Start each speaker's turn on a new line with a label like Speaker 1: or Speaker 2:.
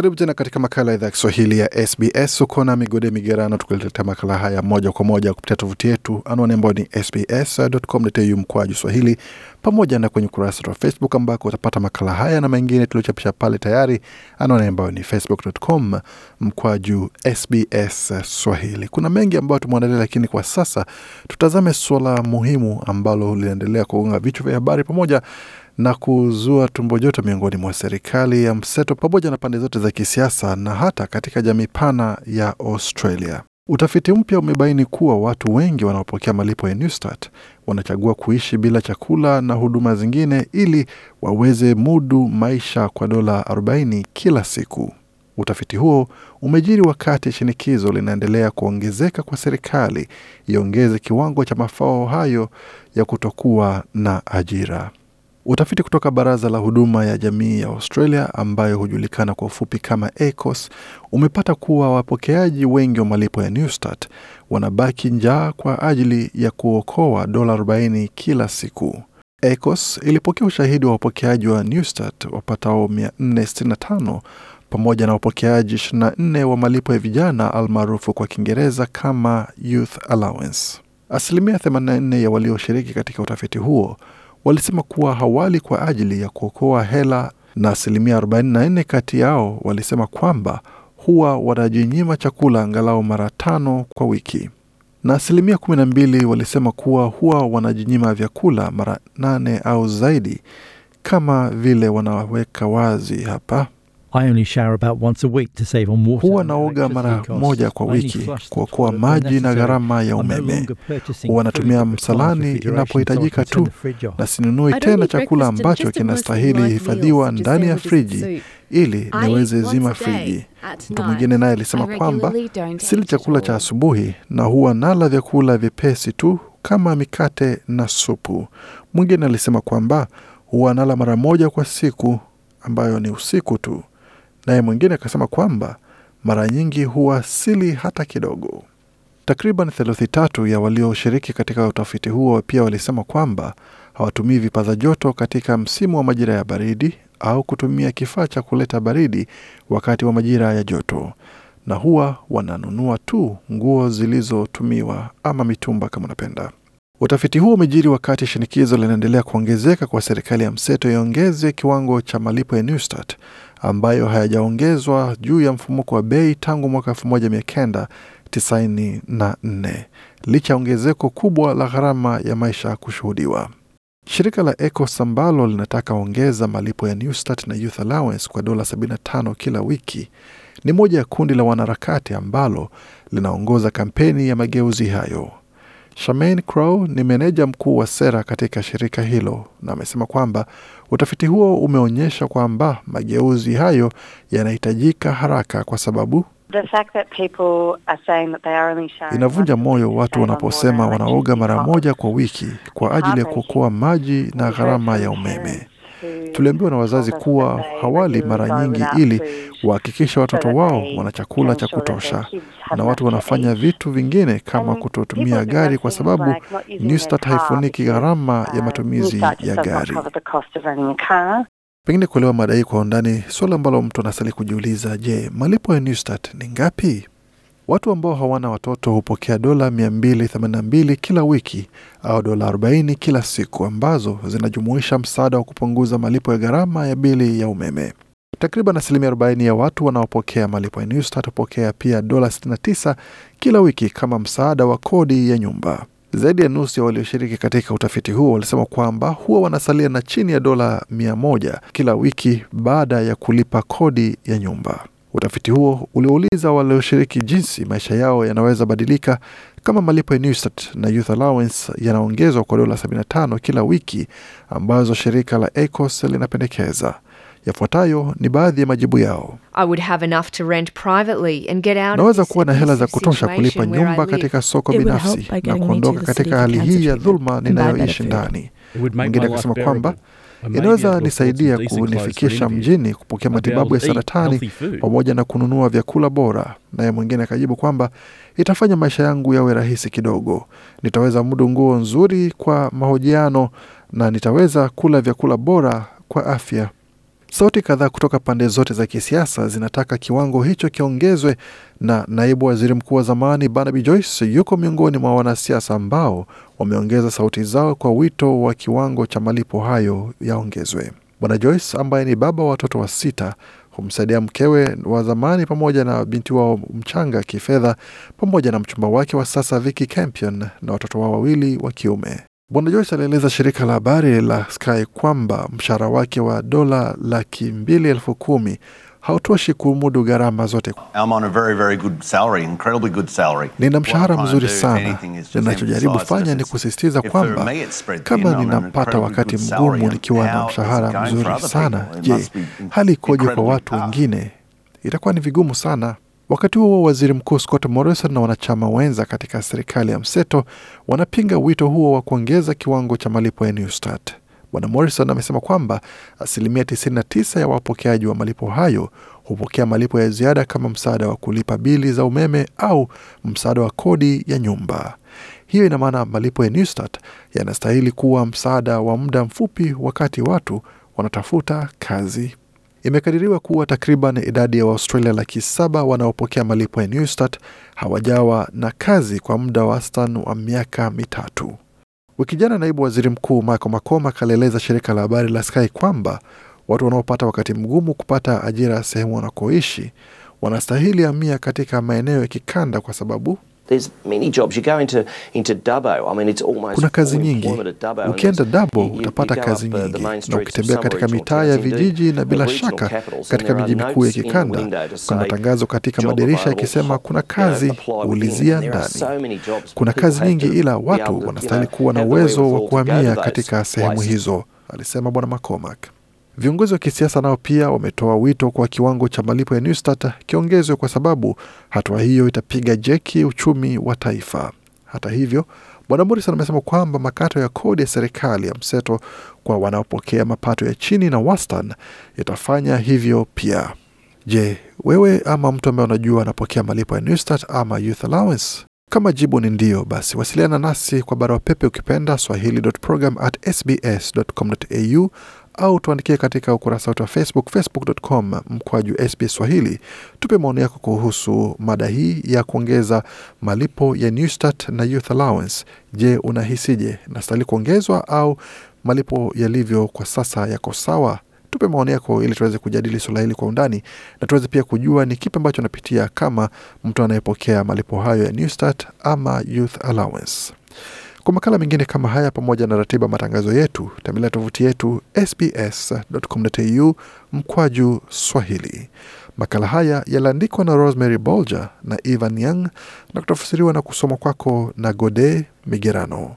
Speaker 1: Karibu tena katika makala ya idhaa ya Kiswahili ya SBS. Uko na Migode Migerano tukiletea makala haya moja kwa moja kupitia tovuti yetu, anwani ambayo ni sbs.com.au mkwaju swahili, pamoja na kwenye ukurasa wa Facebook ambako utapata makala haya na mengine tuliochapisha pale tayari, anwani ambayo ni facebook.com mkwaju sbs swahili. Kuna mengi ambayo tumeandalia, lakini kwa sasa tutazame suala muhimu ambalo linaendelea kugonga vichwa vya habari pamoja na kuzua tumbo joto miongoni mwa serikali ya mseto pamoja na pande zote za kisiasa na hata katika jamii pana ya Australia. Utafiti mpya umebaini kuwa watu wengi wanaopokea malipo ya Newstart wanachagua kuishi bila chakula na huduma zingine ili waweze mudu maisha kwa dola 40 kila siku. Utafiti huo umejiri wakati shinikizo linaendelea kuongezeka kwa serikali iongeze kiwango cha mafao hayo ya kutokuwa na ajira. Utafiti kutoka baraza la huduma ya jamii ya Australia ambayo hujulikana kwa ufupi kama ACOS umepata kuwa wapokeaji wengi wa malipo ya Newstart wanabaki njaa kwa ajili ya kuokoa dola 40 kila siku. ACOS ilipokea ushahidi wa wapokeaji wa Newstart wapatao 465 pamoja na wapokeaji 24 wa malipo ya vijana almaarufu kwa Kiingereza kama youth allowance. Asilimia 84 ya walioshiriki katika utafiti huo walisema kuwa hawali kwa ajili ya kuokoa hela, na asilimia 44 kati yao walisema kwamba huwa wanajinyima chakula angalau mara tano kwa wiki, na asilimia 12 walisema kuwa huwa wanajinyima vyakula mara nane au zaidi, kama vile wanaweka wazi hapa. Huwa naoga mara moja kwa wiki kwa kuwa maji na gharama ya umeme. Huwa natumia msalani inapohitajika tu, na sinunui tena chakula ambacho kinastahili hifadhiwa ndani ya friji ili niweze zima friji. Mtu mwingine naye alisema kwamba sili chakula cha asubuhi na huwa nala vyakula vyepesi tu kama mikate na supu. Mwingine alisema kwamba huwa nala mara moja kwa siku ambayo ni usiku tu. Naye mwingine akasema kwamba mara nyingi huwa sili hata kidogo. Takriban theluthi tatu ya walioshiriki katika utafiti huo pia walisema kwamba hawatumii vipaza joto katika msimu wa majira ya baridi au kutumia kifaa cha kuleta baridi wakati wa majira ya joto, na huwa wananunua tu nguo zilizotumiwa ama mitumba kama unapenda. Utafiti huo umejiri wakati shinikizo linaendelea kuongezeka kwa serikali ya mseto iongeze kiwango cha malipo ya Newstart ambayo hayajaongezwa juu ya mfumuko wa bei tangu mwaka 1994 licha ya ongezeko kubwa la gharama ya maisha kushuhudiwa. Shirika la ECOWAS ambalo linataka ongeza malipo ya New na Youth Allowance kwa dola 75 kila wiki ni moja ya kundi la wanaharakati ambalo linaongoza kampeni ya mageuzi hayo. Charmaine Crow ni meneja mkuu wa sera katika shirika hilo na amesema kwamba utafiti huo umeonyesha kwamba mageuzi hayo yanahitajika haraka kwa sababu inavunja moyo watu wanaposema wanaoga mara moja kwa wiki kwa ajili ya kuokoa maji na gharama ya umeme tuliambiwa na wazazi kuwa hawali mara nyingi ili wahakikisha watoto wao wana chakula cha kutosha, na watu wanafanya vitu vingine kama kutotumia gari kwa sababu Newstart haifuniki gharama ya uh, matumizi ya gari. Pengine kuelewa madai kwa undani, suala ambalo mtu anastahili kujiuliza, je, malipo ya Newstart ni ngapi? Watu ambao hawana watoto hupokea dola 282 kila wiki au dola 40 kila siku ambazo zinajumuisha msaada wa kupunguza malipo ya gharama ya bili ya umeme. Takriban asilimia 40 ya watu wanaopokea malipo ya Newstart hupokea pia dola 69 kila wiki kama msaada wa kodi ya nyumba. Zaidi ya nusu ya walioshiriki katika utafiti huo walisema kwamba huwa wanasalia na chini ya dola 1 kila wiki baada ya kulipa kodi ya nyumba. Utafiti huo uliouliza walioshiriki jinsi maisha yao yanaweza badilika kama malipo ya Newstat na Youth Allowance yanaongezwa kwa dola 75 kila wiki ambazo shirika la ACOS linapendekeza. Yafuatayo ni baadhi ya majibu yao. Naweza kuwa na hela za kutosha kulipa nyumba katika soko binafsi na kuondoka katika hali hii ya dhuluma ninayoishi ndani. Mwingine akasema kwamba inaweza nisaidia kunifikisha mjini kupokea matibabu ya saratani pamoja na kununua vyakula bora. Naye mwingine akajibu kwamba itafanya maisha yangu yawe rahisi kidogo, nitaweza mudu nguo nzuri kwa mahojiano na nitaweza kula vyakula bora kwa afya. Sauti kadhaa kutoka pande zote za kisiasa zinataka kiwango hicho kiongezwe, na naibu waziri mkuu wa zamani Barnaby Joyce yuko miongoni mwa wanasiasa ambao wameongeza sauti zao kwa wito wa kiwango cha malipo hayo yaongezwe. Bwana Joyce ambaye ni baba wa watoto wa sita humsaidia mkewe wa zamani pamoja na binti wao mchanga kifedha, pamoja na mchumba wake wa sasa Vicky Campion na watoto wao wawili wa kiume. Bwana Joyce alieleza shirika la habari la Sky kwamba mshahara wake wa dola laki mbili elfu kumi hautoshi kumudu gharama zote. Nina mshahara mzuri sana. Ninachojaribu fanya ni kusisitiza kwamba kama ninampata wakati mgumu nikiwa na mshahara mzuri sana, je, hali ikoje kwa watu wengine? Itakuwa ni vigumu sana. Wakati huo waziri mkuu Scott Morrison na wanachama wenza katika serikali ya mseto wanapinga wito huo wa kuongeza kiwango cha malipo ya Newstart. Bwana Morrison amesema kwamba asilimia 99 ya wapokeaji wa malipo hayo hupokea malipo ya ziada kama msaada wa kulipa bili za umeme au msaada wa kodi ya nyumba. Hiyo ina maana malipo ya Newstart yanastahili kuwa msaada wa muda mfupi wakati watu wanatafuta kazi. Imekadiriwa kuwa takriban idadi ya Waustralia laki saba wanaopokea malipo ya Newstart hawajawa na kazi kwa muda wastani wa miaka mitatu. Wiki jana naibu waziri mkuu Michael Makoma akalieleza shirika la habari la Sky kwamba watu wanaopata wakati mgumu kupata ajira sehemu wanakoishi wanastahili amia katika maeneo ya kikanda kwa sababu kuna kazi nyingi. Ukienda Dabo utapata kazi uh, nyingi, na ukitembea katika mitaa ya vijiji na bila shaka katika miji mikuu ya kikanda, kuna matangazo katika madirisha yakisema kuna kazi, ulizia ndani. Kuna kazi nyingi, ila watu wanastahili kuwa na uwezo wa kuhamia katika sehemu hizo, alisema Bwana macomac Viongozi wa kisiasa nao pia wametoa wito kwa kiwango cha malipo ya Newstart kiongezwe kwa sababu hatua hiyo itapiga jeki uchumi wa taifa. Hata hivyo, Bwana Morrison amesema kwamba makato ya kodi ya serikali ya mseto kwa wanaopokea mapato ya chini na wastan yatafanya hivyo pia. Je, wewe ama mtu ambaye unajua anapokea malipo ya Newstart ama Youth Allowance? Kama jibu ni ndio, basi wasiliana nasi kwa barua pepe ukipenda swahili.program@sbs.com.au au tuandikie katika ukurasa wetu wa Facebook, facebook.com mkwaju SBS Swahili. Tupe maoni yako kuhusu mada hii ya kuongeza malipo ya Newstart na Youth Allowance. Je, unahisije? Nastahili kuongezwa au malipo yalivyo kwa sasa yako sawa? Tupe maoni yako ili tuweze kujadili suala hili kwa undani na tuweze pia kujua ni kipi ambacho anapitia kama mtu anayepokea malipo hayo ya Newstart ama Youth Allowance. Kwa makala mengine kama haya, pamoja na ratiba matangazo yetu, tembelea tovuti yetu sbs.com.au mkwaju Swahili. Makala haya yaliandikwa na Rosemary Bolger na Evan Young na kutafsiriwa na kusoma kwako na Gode Migerano.